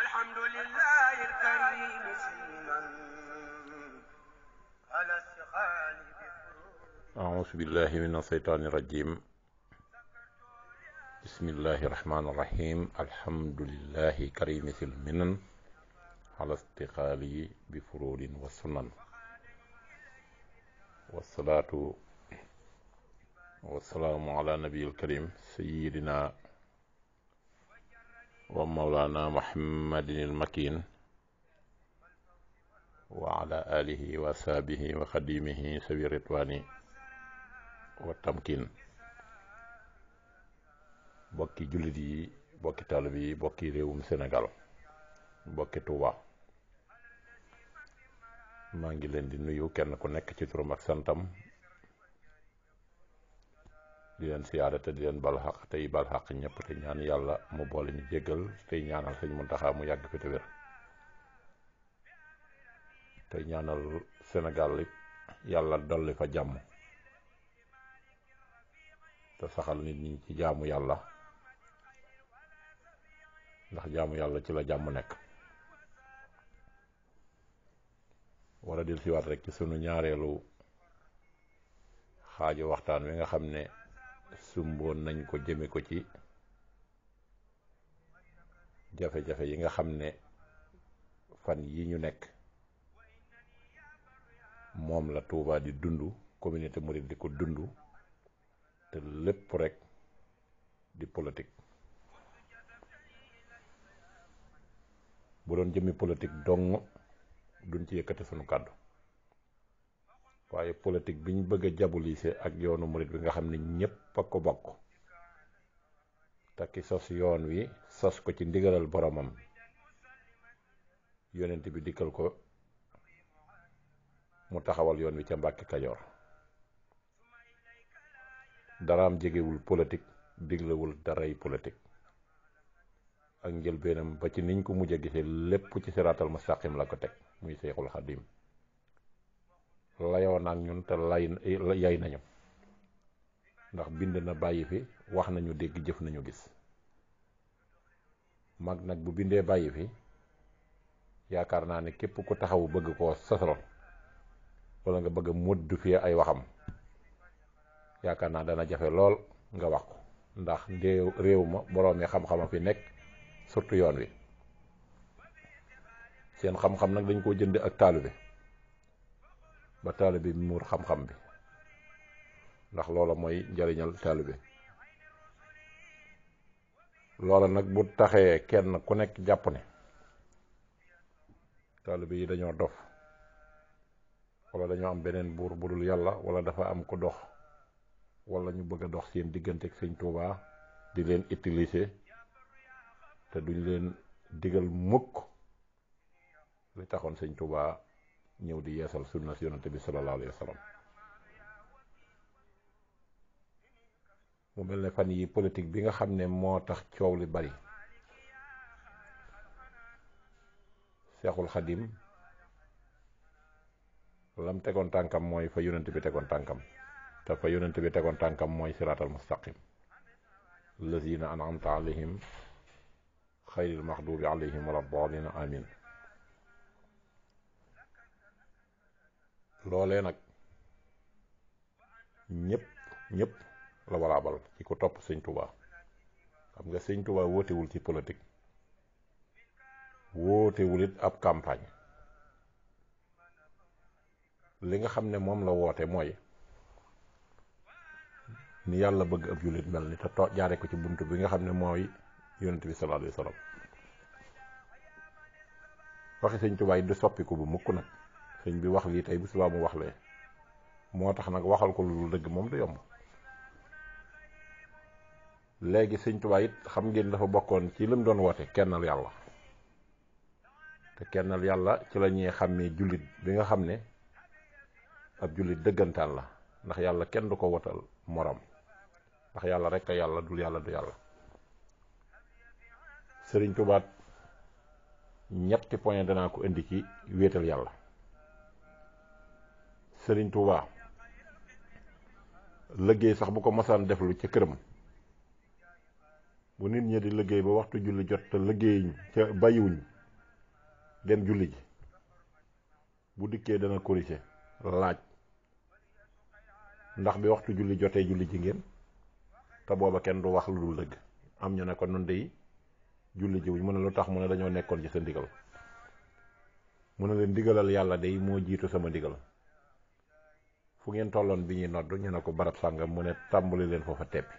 الحمد لله الكريم سلما على استقال أعوذ بالله من الشيطان الرجيم بسم الله الرحمن الرحيم الحمد لله كريم سلمنا على استقالي بفرور وسنن والصلاة والسلام على نبي الكريم سيدنا wa mawlaana muhammadin ilmakin wa ala alihi wa saabihi wa xadimihi sawi ritwaani wa tamkin bokki jullit bokki talib bokki réewum Sénégal bokki Tuuba maa ngi leen di nuyu kenn ku nekk ci turam santam di leen siyaare te di leen bal xaq tey bal xaq ñëpp te ñaan yàlla mu boole ñu jéggal tey ñaanal sëñ Muntaxa mu yàgg fi te wér tey yàlla dolli fa jàmm te saxal nit ñi ci jaamu yàlla ndax jaamu yàlla ci la jàmm nekk war a dellusiwaat rek ci sunu ñaareelu xaaju waxtaan wi nga xam ne sumboon nañ ko jëme ko ci jafe-jafe yi nga xam ne fan yi ñu nekk moom la Touba di dund communauté mouride di ko dund te lépp rek di politique bu doon jëmi politique dong duñ ci yëkkati sunu kàddu waaye politique bi ñu bëgg a jabolise ak yoonu murit bi nga xam ne ñépp a ko bokk takki sos yoon wi sos ko ci ndigalal boromam yonent bi dikkal ko mu taxawal yoon wi ca Mbàkke Kajoor am jegewul politique diglewul daray politique ak njëlbeenam ba ci niñ ko mujj a gisee lépp ci ma mustaqim la ko teg muy Seexul Xadim layoo naag ñun te lay yay nañu ndax bind na bàyyi fi wax nañu dégg jëf nañu gis mag nag bu bindee bàyyi fi yaakaar naa ne képp ku taxaw bëgg koo sosal wala nga bëgg a modifier ay waxam yaakaar naa dana jafe lool nga wax ko ndax ndéew réew ma boroom yi xam-xama fi nekk surtout yoon wi seen xam-xam nag dañ koo jënd ak taalu bi ba taalibe bi muur xam-xam bi ndax loola mooy njariñal taalibe loola nag bu taxee kenn ku nekk jàpp ne taalibe yi dañoo dof wala dañoo am beneen buur bu dul yàlla wala dafa am ku dox wala ñu bëgg a dox seen diggante ak sëñ Tuubaa di leen utiliser te duñ leen digal mukk li taxoon sëñ Tuubaa ñëw di yeesal sunna si bi sallallahu alayhi wa mu mel ni fan yi politique bi nga xam ne moo tax coow li bari seexul xadim lam tegoon tànkam mooy fa yonante bi tegoon tànkam te fa yonante bi tegoon tànkam mooy siraatal mustaqim lazina an'amta alayhim xayril maxdubi alayhim wala daalin amin loolee nag ñëpp ñëpp la walaabal ci ko topp sëñ Touba xam nga sëñ Touba wootewul ci politique wootewul it ab campagne li nga xam ne moom la woote mooy ni yàlla bëgg ab jullit mel ni te to jaare ko ci bunt bi nga xam ne mooy yonent bi sallallahu alayhi wa sallam waxi sëñ Touba yi du soppiku bu mukk nag sëñ bi wax lii tey bu subaa mu wax moo tax nag waxal ko lu dul dëgg moom du yomb léegi sëñ Tuubaa it xam ngeen dafa bokkoon ci lim doon woote kennal yàlla te kennal yàlla ci la ñuy xàmmee jullit bi nga xam ne ab jullit dëggantaan la ndax yàlla kenn du ko wotal morom ndax yàlla rek a yàlla dul yàlla du yàlla sëriñ Tuubaa ñetti point danaa ko indi ci wéetal yàlla Serigne Touba liggéey sax bu ko mosaan deflu ca këram bu nit ñi di liggéey ba waxtu julli jot te liggéey ca bàyyiwuñ dem julli ji bu dikkee dana corriger laaj ndax bi waxtu julli jotee julli ji ngeen te booba kenn du wax lu dul dëgg am ñu ne ko nun dey julli ji wuñ mu ne lu tax mu ne dañoo nekkoon ci sa ndigal mu ne leen ndigalal yàlla dey moo jiitu sama ndigal fu ngeen tolloon bi ñuy nodd ñu ne ko barab sàngam mu ne tàmbali leen foofa teppi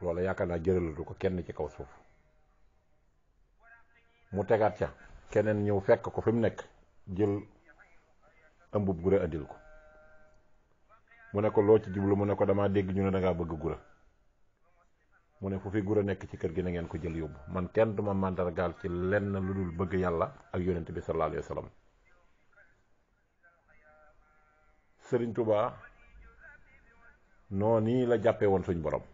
loolu yaakaar naa jëralatu ko kenn ci kaw suuf mu tegaat ca keneen ñëw fekk ko fi mu nekk jël ëmbub gura andil ko mu ne ko loo ci jublu mu ne ko damaa dégg ñu ne dangaa bëgg gura mu ne fu fi gura nekk ci kër gi na ngeen ko jël yóbbu man kenn duma màndargaal ci lenn lu dul bëgg yàlla ak yonent bi sallallahu alayhi wa sëriñ tubaa noo nii la jàppee woon suñ borom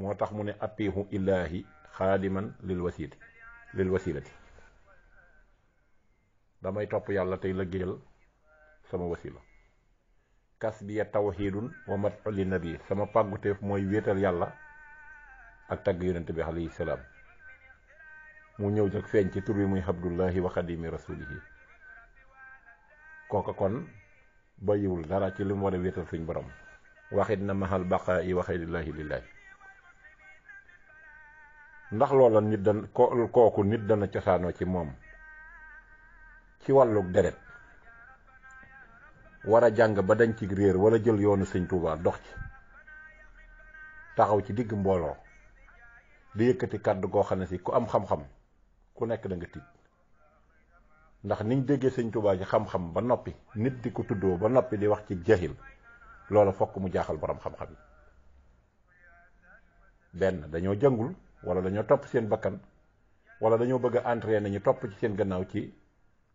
moo tax mu ne atihu illaahi xaadiman lil wasiiti lil wasiilati damay topp yàlla tey liggéeyal sama wasila kas bi ya tawxiidun wa mat li nabi sama pàgguteef mooy wéetal yàlla ak tagg yonent bi alayhi salaam mu ñëw nag feeñ ci tur bi muy abdullahi wa xadimi rasulihi kooka kon bàyyiwul dara ci li mu war a wéetal suñ borom waxit na mahal baqaa i waxee lillaahi lillaahi ndax loola nit dan kooku nit dana cosaanoo ci moom ci wàlluk deret war a jàng ba dañ ci réer wala jël yoonu sëñ Tuubaa dox ci taxaw ci digg mbooloo di yëkkati kàdd goo xam ne si ku am xam-xam ku nekk da nga tiit ndax niñ déggee sëñ tubaa ci xam-xam ba noppi nit di ko tuddoo ba noppi di wax ci jahil loola fokk mu jaaxal borom xam-xam yi benn dañoo jàngul wala dañoo topp seen bakkan wala dañoo bëgg a entraîner ñu topp ci seen gannaaw ci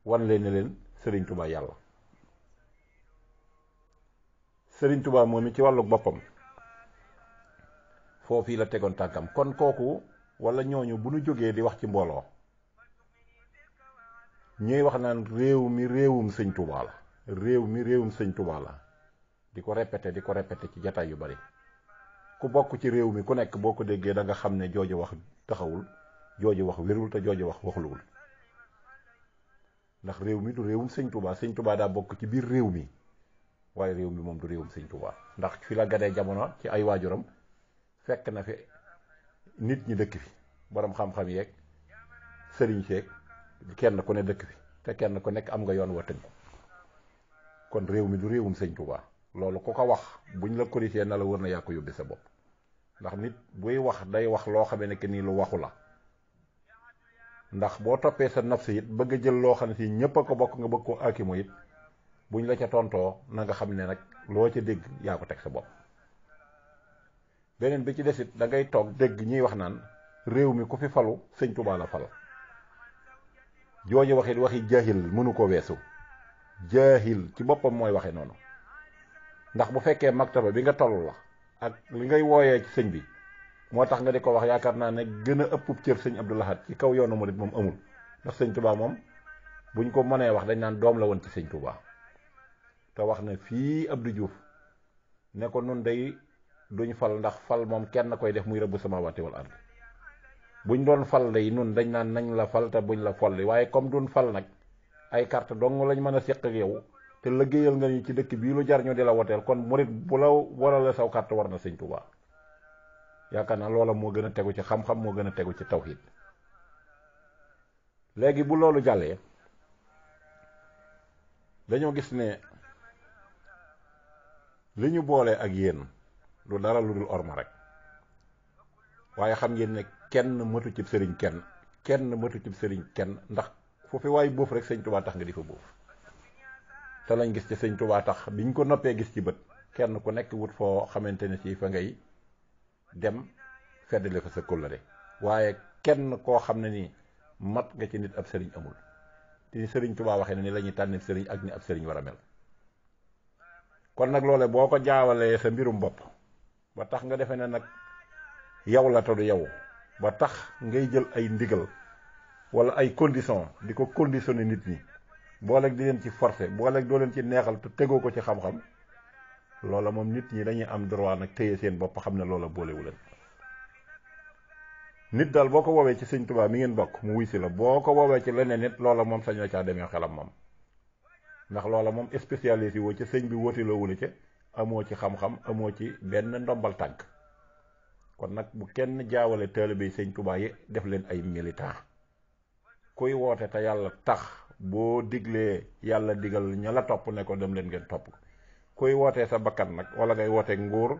wan leen ne leen sëriñ Tuubaa yàlla sëriñ tubaa moom it ci wàllu boppam foofii la tegoon tànkam kon kooku wala ñooñu bu ñu jógee di wax ci mbooloo ñuy wax naan réew mi réewum sëñ Touba la réew mi réewum sëñ Touba la di ko répété di ko répété ci jataay yu bari ku bokk ci réew mi ku nekk boo ko déggee da nga xam ne jooju wax taxawul jooju wax wérul te jooju wax waxluwul ndax réew mi du réewum sëñ Touba sëñ Touba daa bokk ci biir réew mi waaye réew mi moom du réewum sëñ Touba ndax fi la gadee jamono ci ay waajuram fekk na fi nit ñi dëkk fi boroom xam-xam yeeg sëriñ seeg kenn ku ne dëkk fi te kenn ku nekk am nga yoon wa tënk kon réew mi du réewum sëñ tubaa loolu ku ko wax buñ la corrigé na la wër na yaa ko yóbbi sa bopp ndax nit buy wax day wax loo xamee ne que nii lu waxu la ndax boo toppee sa nafs it bëgg a jël loo xam ne si ñëpp a ko bokk nga bëgg koo akimu it buñ la ca tontoo na nga xam ne nag loo ca dégg yaa ko teg sa bopp beneen bi ci des da dangay toog dégg ñuy wax naan réew mi ku fi falu sëñ Touba la jooju waxit waxi jaahil mënu ko weesu jaahil ci boppam mooy waxe noonu ndax bu fekkee maktaba bi nga toll la ak li ngay wooyee ci sëñ bi moo tax nga di ko wax yaakaar naa ne gën a ëppub cër sëñ Abdou Lahad ci kaw yoonu murit moom amul ndax sëñ Touba moom buñ ko mënee wax dañ naan doom la woon ci sëñ Touba te wax na fii Abdou Diouf ne ko nun day duñ fal ndax fal moom kenn koy def muy rëbb sama waati wal bu ñu doon fal lay nun dañ naan nañ la fal te buñ la folli waaye comme duñ fal nag ay carte dong lañ mën a seq ak yow te liggéeyal nga ñu ci dëkk bii lu jar ñu di la woteel kon murit bu la warale saw carte war na sëñ Tuubaa yaakaar naa loola moo gën a tegu ci xam-xam moo gën a tegu ci taw tawxiid léegi bu loolu jàllee dañoo gis ne li ñu boole ak yéen lu dara lu dul orma rek waaye xam ngeen ne kenn matu cib sëriñ kenn kenn matu cib sëriñ kenn ndax foofu waay boof rek sëñ tubaa tax nga di fa boof te lañ gis ci sëñ tubaa tax biñ ko noppee gis ci bët kenn ku nekk wut foo xamante ne ci fa ngay dem feddale fa sa kóllëre waaye kenn koo xam ne nii mat nga ci nit ab sëriñ amul te ni sëriñ tubaa waxee ne ni lañuy ñuy sëriñ ak ni ab sëriñ war a mel kon nag loole boo ko jaawalee sa mbirum bopp ba tax nga defee ne nag yow la te du yow ba tax ngay jël ay ndigal wala ay condition di ko conditionné nit ñi booleeg di leen ci forcé booleeg doo leen ci neexal te tegoo ko ci xam-xam loola moom nit ñi dañuy am droit nag téye seen bopp xam ne loola boolewu leen nit daal boo ko woowee ci sëñ Tuubaa mi ngeen bokk mu wuy si la boo ko woowee ci leneen nit loola moom sañ la caa demee xelam moom ndax loola moom spécialiste yi woo ci sëñ bi wóotiloo wula ca amoo ci xam-xam amoo ci benn ndombal tànk kon nag bu kenn jaawale taalibe yi sëñ Tuubaa yi def leen ay militant kuy woote te yàlla tax boo diglee yàlla digal ña la topp ne ko dem leen ngeen topp ko kuy wootee sa bakkan nag wala ngay woote nguur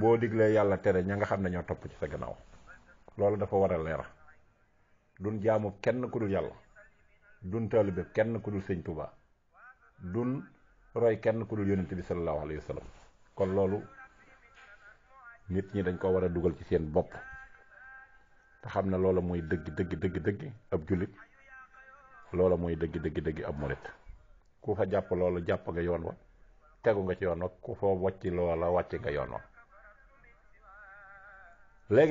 boo diglee yàlla tere ña nga xam ne ñoo topp ci sa gannaaw loolu dafa war a leer dun jaamu kenn ku dul yàlla dun taalibe kenn ku dul sëñ Tuubaa dun roy kenn ku dul yonent bi sallallahu alayhi wa kon loolu nit ñi dañ koo war a dugal ci seen bopp te xam ne loola mooy dëgg dëgg dëgg dëgg ab jullit loola mooy dëgg dëgg dëgg ab murit ku fa jàpp loola jàpp nga yoon wa tegu ci yoon wa ku fa wàcc loola wàcc nga yoon wa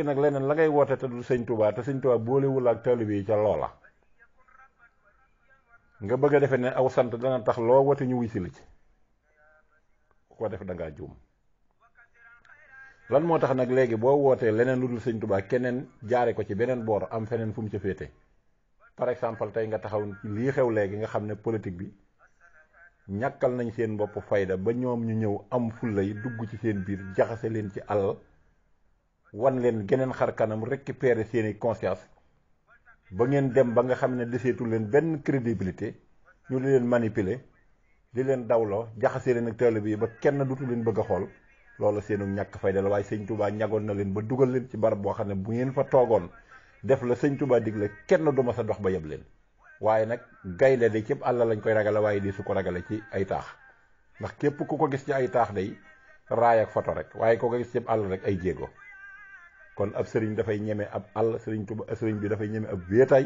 nag leneen la ngay woote te du sëñ Tuubaa te sëñ Tuubaa boolewul ak taalibe yi ca loola nga bëgg a defe ne aw sant dana tax loo wote ñu wuy si la ci ko def da ngaa juum lan moo tax nag léegi boo wootee leneen lu dul sëñ Tuubaa keneen jaare ko ci beneen boor am feneen fu mu ca féete par exemple tey nga taxaw lii xew léegi nga xam ne politique bi ñàkkal nañ seen bopp fayda ba ñoom ñu ñëw am fulla yi dugg ci seen biir jaxase leen ci alal wan leen geneen xar kanam récupérer seeni conscience ba ngeen dem ba nga xam ne deseetu leen benn crédibilité ñu di leen manipuler di leen dawloo jaxase leen ak taalibe yi ba kenn dutu leen bëgg xool loola seenu ñàkk fayda la waaye sëñ Touba ñagoon na leen ba dugal leen ci barab boo xam ne bu ngeen fa toogoon def la sëñ Touba digle kenn du ma sa dox ba yeb leen waaye nag gaynde de cëpp àll lañ koy ragale waaye di su ko ragale ci ay taax ndax képp ku ko gis ci ay taax day raay ak foto rek waaye ku ko gis cëpp àll rek ay jéego kon ab sëriñ dafay ñeme ab àll sëriñ Touba sëriñ bi dafay ñeme ab wéetaay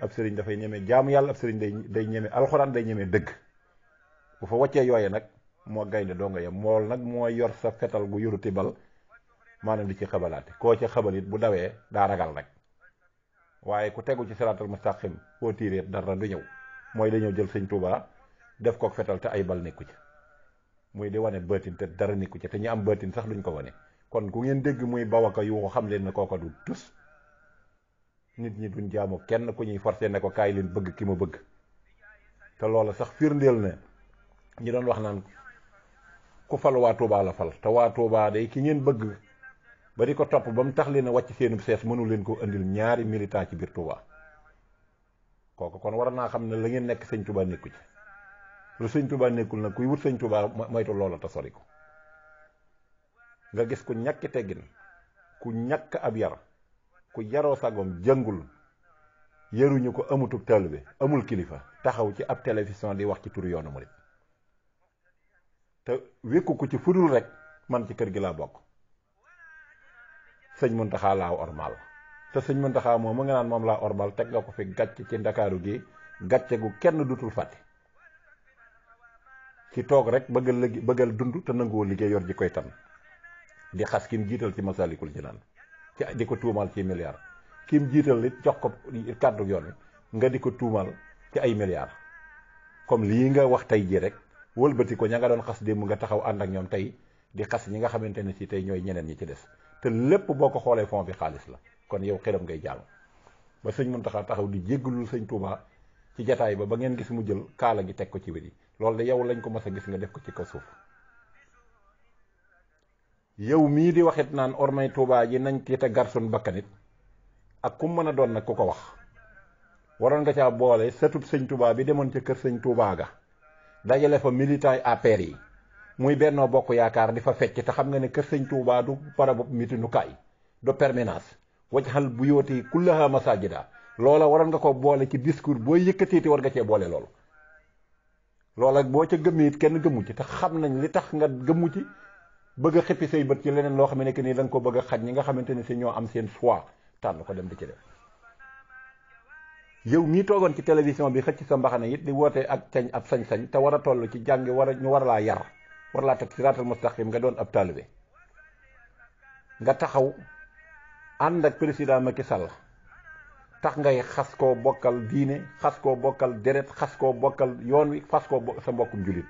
ab sëriñ dafay ñeme jaamu yàlla ab sëriñ day day ñeme day ñeme dëgg bu fa waccee nag moo gaynde doo nga yem mool nag moo yor sa fetal gu yoruti bal maanaam di ci xabalaate koo ci xabal it bu dawee daa ragal rek waaye ku tegu ci siraatal mustaqim foo tiiree dara du ñëw mooy dañoo jël sëñ Tuubaa def kook fetal te ay bal nekku ci muy di wane bëtin te dara nekku ci te ñu am bëtin sax duñ ko wane kon ku ngeen dégg muy bawaka yu ko xam leen ne kooka du tus nit ñi duñ jaamu kenn ku ñuy forcé nekko ko kaay leen bëgg ki ma bëgg te loola sax firndeel ne ñu doon wax naan ku fal waa Touba la fal te waa Touba day ki ngeen bëgg ba di ko topp ba mu tax leen a wàcc seenub sees mënu leen ko indil ñaari militan ci biir Touba kooku kon war naa xam ne la ngeen nekk sëñ Touba nekku ci lu sëñ Touba nekkul nag kuy wut sëñ Touba moytu loola sori ko nga gis ku ñàkki teggin ku ñàkk ab yaram ku yaroo sagom jëngul yaruñu ko amutub taalibe amul kilifa taxaw ci ab télévision di wax ci turu yoonu murit te wékku ko ci fudul rek man ci kër gi laa bokk sëñ Muntaxa laa ormal te sëñ Muntaxa moom mu ngi naan moom laa ormal teg nga ko fi gàcce ci ndakaaru gi gàcce gu kenn dutul fàtte ci toog rek bëggal bëggal dund te nanguwoo liggéey yor ji koy tan di xas kim jiital ci masalikul jinaan ci di ko tuumaal ci milliard kim jiital nit jox ko kàddu yoon nga di ko tuumaal ci ay milliards comme lii nga wax tey jii rek wëlbati ko ña nga doon xas démb nga taxaw ànd ak ñoom tey di xas ñi nga xamante ne si tey ñooy ñeneen ñi ci des te lépp boo ko xoolee fond bi xaalis la kon yow xiram ngay jàll ba sëñ Muntaxa taxaw di jéggalul sëñ Touba ci jataay ba ba ngeen gis mu jël kaala gi teg ko ci wér yi loolu da yow lañ ko mas a gis nga def ko ci ko suuf yow mii di waxit naan ormay tuubaa ji nañ ci te garsun bakkanit ak ku mën a doon nag ku ko wax waroon nga caa boole setub sëñ bi demoon ca kër sëñ Touba dajale fa militant yi APR yi muy Benno Bokk Yaakaar di fa fecc te xam nga ne kër sëñ Tuubaa du barabu mitinukaay du permanence wajxal bu yooti kullaha masajida loola waral nga ko boole ci discours booy yëkkatiiti war nga cee boole loolu loola boo ca gëmee it kenn gëmu ci te xam nañ li tax nga gëmu ci bëgg a xippi say bët ci leneen loo xam ne que nii da nga ko bëgg xaj ñi nga xamante ni si ñoo am seen choix tànn ko dem di ci def yow mii toogoon ci télévision bi xëcc sa mbaxana yit di woote ak sañ ab sañ-sañ te war a toll ci jàngi war a ñu war laa yar war laa teg siraatal mustaqim nga doon ab taalibe nga taxaw ànd ak président Macky Sall tax ngay xas koo bokkal diine xas koo bokkal deret xas koo bokkal yoon wi xas koo sa mbokkum jullit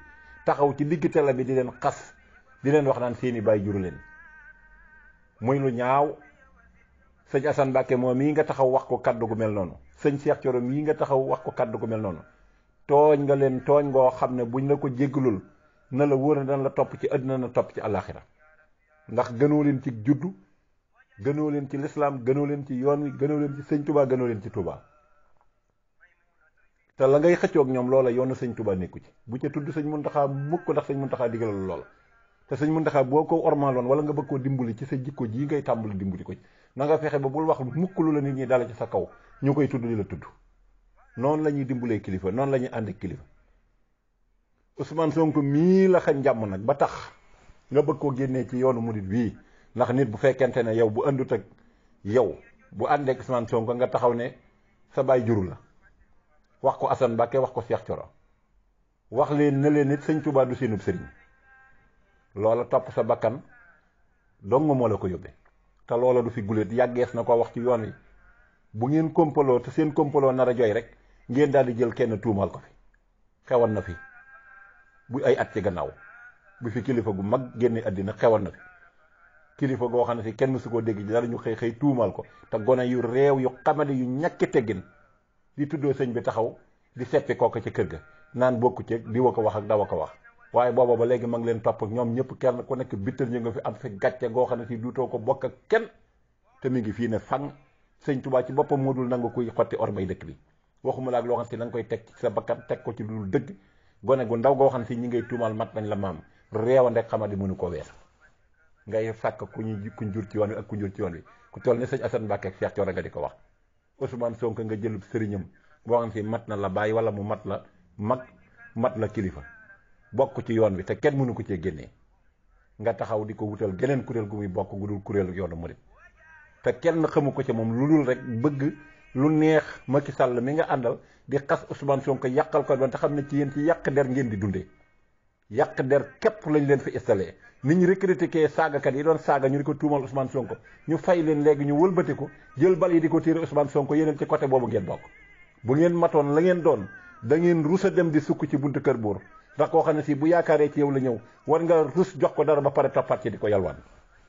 taxaw ci digg télé bi di leen xas di leen wax naan seeni bàyyi juru leen muy lu ñaaw sëñ Assane Mbacke moom mii nga taxaw wax ko kaddu ku mel noonu sëñ Cheikh Thioro mii nga taxaw wax ko kàdd gu mel noonu tooñ nga leen tooñ ngoo xam ne buñ la ko jéggalul na la wóor ne dana la topp ci àddina na topp ci àllaaxira ndax gënoo leen ci juddu gënoo leen ci lislaam gënoo leen ci yoon wi gënoo leen ci sëñ Touba gënoo leen ci tubaa te la ngay xëccoog ñoom loola yoonu sëñ Touba nekku ci bu ca tudd sëñ Muntaxa mukk ndax sëñ Muntaxa diggalal loola te sëñ Muntaxa boo ko ormaaloon wala nga bëgg koo dimbali ci sa jikko jii ngay tàmbali dimbali ko ci na fexe ba bul wax mukk la nit ñi dala ci sa kaw ñu koy tudd di la tudd noonu lañuy ñuy dimbalee kilifa noonu la ñuy ànd ak kilifa Ousmane Sonko mii la xañ jàmm nag ba tax nga bëgg koo génnee ci yoonu murit bii ndax nit bu fekkente ne yow bu àndut ak yow bu àndeek Ousmane Sonko nga taxaw ne sa baay juru la wax ko Assane Mbacké wax ko Cheikh Thioro wax leen ne leen nit sëñ Tuubaa du seenub sëriñ loola topp sa bakkan dong moo la ko yóbbee te loola du fi guléet yàggees na ko wax ci yoon bu ngeen kompaloo te seen kompaloo nar a jooy rek ngeen daal di jël kenn tuumaal ko fi xewoon na fi bu ay at ci gannaaw bu fi kilifa gu mag génne àddina xewoon na fi kilifa goo xam ne si kenn su ko dégg dara ñu xëy xëy te gone yu réew yu xamale yu ñàkk teggin li tuddoo sëñ bi taxaw di seppi kooka ci kër ga naan bokku ceeg di wa ko wax ak dawa ko wax waaye booba ba léegi ma leen topp ak ñoom ñëpp kenn ku nekk bittal ñu nga fi am fi gàcce goo xam ne si duutoo ko bokk ak kenn te mi ngi fii ne fang sëñ Tuubaa ci boppam moo dul nangu kuy xotti ormay dëkk bi waxuma la ak loo xam si da nga koy teg sa bakkat teg ko ci lu dul dëgg gone gu ndaw goo xam si ñi ngay tuumaal mat nañ la maam réewande xamadi mënu ko wees ngay sàkk ku ñu ku jur ci yoon wi ak ku jur ci yoon wi ku toll ne sëñ Assane Mbacke ak Cheikh Thioro nga di ko wax Ousmane Sonko nga jëlub sëriñam boo xam si mat na la bàyyi wala mu mat la mag mat la kilifa bokk ci yoon wi te kenn mënu ko cee génnee nga taxaw di ko wutal geneen kuréel gu bokk gu dul kuréel yoonu murit te kenn xamu ko ci moom lu dul rek bëgg lu neex Macky Sall mi nga àndal di xas Ousmane Sonko yàqal ko doon te xam ne ci yéen ci yàq der ngeen di dundee yàq der képp lañu leen fi installé ni ñu recruté saagakat yi doon saaga ñu di ko tuumal Ousmane Sonko ñu fay leen léegi ñu wëlbati ko jël bal yi di ko tiire Ousmane Sonko yeneen ci côté boobu ngeen bokk bu ngeen matoon la ngeen doon da ngeen rus a dem di sukk ci buntu kër buur ndax koo xam ne si bu yaakaaree ci yow la ñëw war nga rus jox ko dara ba pare toppaat di ko yalwaan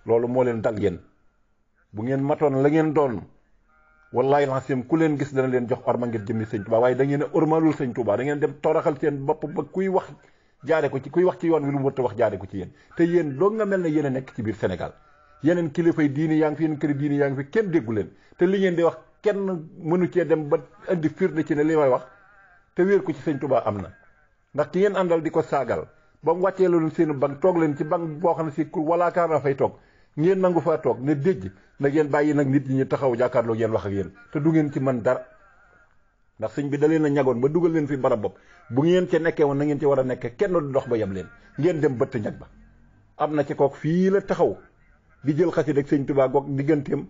loolu moo leen dal yéen bu ngeen matoon la ngeen doon wallahi lancim ku leen gis dana leen jox orma ngir jëmmi sëñ Touba waaye da ngeen a ormalul sëñ Touba da ngeen dem toroxal seen bopp ba kuy wax jaare ko ci kuy wax ci yoon wi lu mu wax jaare ko ci yéen te yéen doo nga mel ne yéen a nekk ci biir Sénégal yeneen kilifay diini yaa ngi fi yeneen këri diini yaa ngi fi kenn déggu leen te li ngeen di wax kenn mënu cee dem ba indi firnde ci ne li may wax te wéer ko ci sëñ Touba am na ndax ki ngeen àndal di ko saagal ba mu wàccee loolu seen bank toog leen ci bank boo xam ne si ku walaakaar naa fay too ngeen nangu faa toog ne déjj na ngeen bàyyi nag nit ñi ñu taxaw jàkkaarloo yéen wax ak yéen te du ngeen ci man dara ndax sëñ bi da leen a ñagoon ba dugal leen fi barab bopp bu ngeen ca nekkee woon na ngeen ci war a nekkee kenn du dox ba yem leen ngeen dem bëtt ñag ba am na ci kook fii la taxaw di jël xasi rek sëñ Tuubaa goog digganteem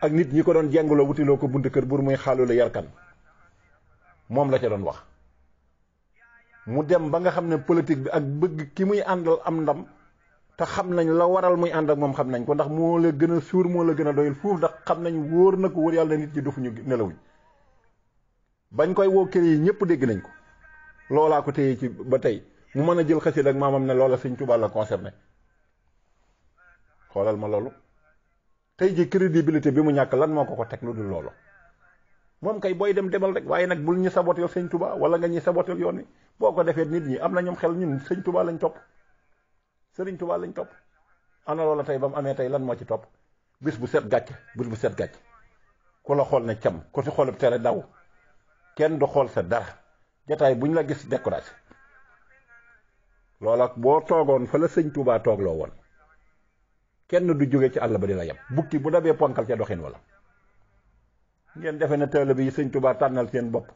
ak nit ñi ko doon jengloo wutiloo ko buntu kër buur muy xaalu la yarkan moom la ca doon wax mu dem ba nga xam ne politique bi ak bëgg ki muy àndal am ndam te xam nañ la waral muy ànd ak moom xam nañ ko ndax moo la gën a suur moo la gën a doyul fuuf ndax xam nañ wóor na ko wóor yàlla nit ñi ñu nelawuñ bañ koy woo kër yi ñëpp dégg nañ ko loolaa ko téye ci ba tey mu mën a jël xasida ak maamam ne loola sëñ Tuubaa la concerné xoolal ma loolu tey ji crédibilité bi mu ñàkk lan moo ko ko teg lu dul loolu moom kay booy dem demal rek waaye nag bul ñu saboteel sëñ tubaa wala nga ñuy saboteel yoon wi boo ko defee nit ñi am na ñoom xel ñun sëñ Tuubaa lañ Sëriñ Tuubaa lañ topp ana la tey ba mu amee tey lan moo ci topp bis bu set gàcc bis bu set gàcc ku la xool ne cam ku si xool tere daw kenn du xool sa dara jataay ñu la gis découragé loola boo toogoon fa la sëñ Tuubaa toogloo woon kenn du jóge ci àll ba di la yem bukki bu dabee ponkal ca doxin wala ngeen defe ne taalibe yi sëñ Tuubaa tànnal seen bopp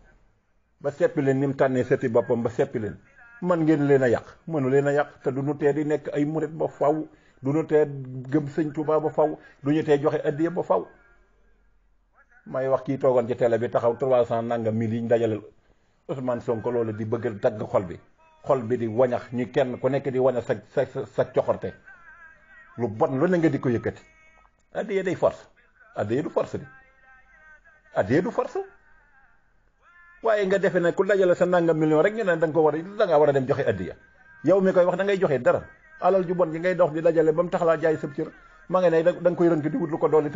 ba seppi leen ni mu tànnee seeti boppam ba seppi leen man ngeen leen a yàq mënu leen a yàq te du ñu tee di nekk ay murit ba faw du ñu tee gëm sëñ Tuubaa ba faw du ñu tee joxe addiya ba faw may wax kii toogoon ci télé bi taxaw trois cent nangam mille yi ñu dajaleel Ousmane Sonko loolu di bëgg dagg xol bi xol bi di wañax ñi kenn ku nekk di wañax sa sa sa coxorte lu bon lu ne di ko yëkkati addiya day force addiya du force bi addiya du force waaye nga defe ne ku dajale sa nangam million rek ñu ne da ko war a da ngaa war a dem joxe addiya yow mi koy wax da ngay joxe dara alal ju bon ji ngay dox di dajale ba mu tax laa jaay sab cër maa ngi ne da nga koy rënk di wut lu ko doole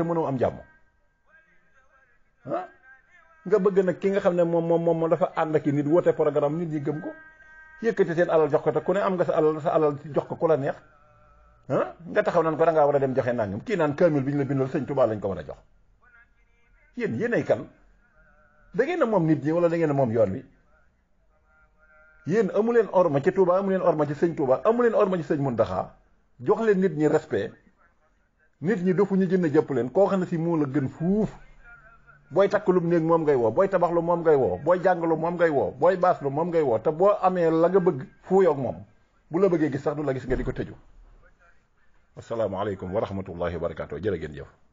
nga bëgg nag ki nga xam ne moom moom moom dafa ànd ak nit woote programme nit ñi gëm ko yëkkati seen alal jox ko te ku ne am nga sa alal sa alal jox ko ku la neex ah nga taxaw naan ko da ngaa war a dem joxe nangam kii naan kaamil bi ñu la bindal sëñ Tuubaa lañ ko war a jox yéen yéenay kan. da ngeen a moom nit ñi wala da ngeen moom yoon wi yéen amu leen orma ci Touba amu leen orma ci sëñ Touba amu leen orma ci sëñ daxa jox leen nit ñi respe nit ñi dofu ñu jënd jëpp leen koo xam ne si moo la gën fuuf booy takk lu néeg moom ngay woo booy tabax lu moom ngay woo booy jàng lu moom ngay woo booy baas lu moom ngay woo te boo amee la nga bëgg fuuyoog moom bu la bëggee gis sax du la gis nga di ko tëju asalaamaaleykum wa rahmatullahi wa barakaatu jërë ngeen jëf